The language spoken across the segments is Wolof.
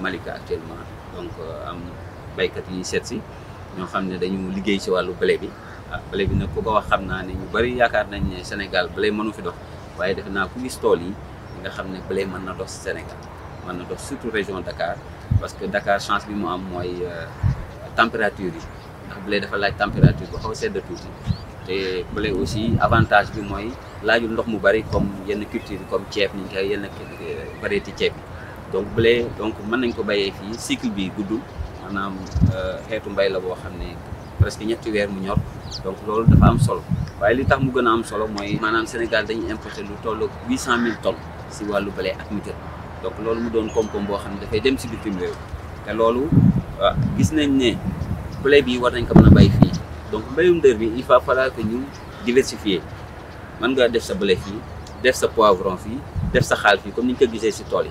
Malika actuellement donc euh, am baykat yi seet si ñoo xam ne dañu liggéey si wàllu blé bi ah bi nag ku ko wax xam naa ni ñu bari yaakaar nañ ne Sénégal blé mënu fi dox waaye def naa ku gis tool yi nga xam ne blé mën na dox Sénégal mën na dox surtout région Dakar parce que Dakar chance bi mu am mooy euh, température yi ndax blé dafa laaj température bu xaw sedd tuuti te blé aussi avantage bi mooy laajul ndox mu bari comme yenn culture comme ceeb ni ñu koy yenn euh, variété ceeb donc blé donc mën nañ ko bayee fii cycle bi guddul maanaam euh, xeetu mbay la boo xam ne presque ñetti weer mu ñor donc loolu dafa am solo waaye li tax mu gën a am solo mooy maanaam Sénégal dañu importer lu toll cent 800000 tonnes si wàllu blé ak mutër donc loolu mu doon koom-koom boo xam ne dafay dem si bitim réew te loolu euh, gis nañ ne blé bi war nañ ko mën a bay donc mbéyum dër bi il va falloir que ñu diversifier mën nga def sa bële fii def sa poivron fii def sa xaal fii comme ni ñu ko gisee si tool yi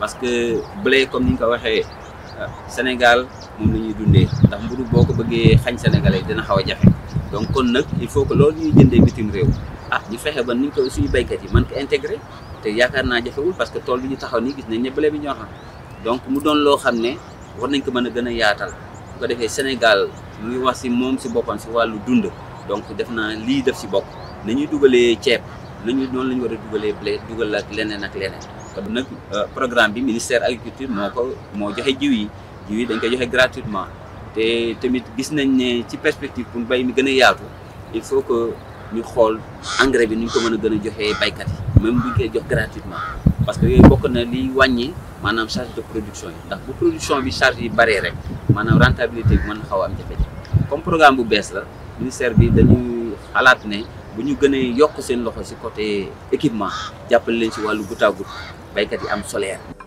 parce que bële comme ni ñu ko waxee euh, Sénégal moom la ñuy dundee ndax mburu boo ko bëggee xañ sénégalais dina xaw a jafe donc kon nag il faut que loolu ñuy jëndee bitim réew ah ñu fexe ba ni ñu ko suñu béykat yi mën ko intégré te yaakaar naa jafewul parce que tool bi ñu taxaw ni gis nañ ne blé bi ñoo xam donc mu doon loo xam ne war nañ ko mën a gën a yaatal bu ko Sénégal mu ngi wax si moom si boppam si wàllu dund donc def naa lii def si bokk nañuy dugalee ceeb nañu noonu la ñu war a dugalee blé dugal ak leneen ak leneen kon nag euh, programme bi ministère agriculture moo ko moo joxe jiw yi jiw dañ koy joxe gratuitement te tamit gis nañ ne ci perspective pour mbay mi gën a yaatu il faut que ñu xool engrais bi nu ñu ko mën a gën a joxee baykat yi même bu ñu koy jox gratuitement parce que yooyu bokk na liy wàññi maanaam charge de production yi ndax bu bi charge yi baree rek maanaam rentabilité bi mën na xaw am jafe comme programme bu bees la ministère bi dañuy xalaat ne bu ñu gën a yokk seen loxo ci côté équipement jàppale leen ci wàllu goutte à baykat yi am solaire.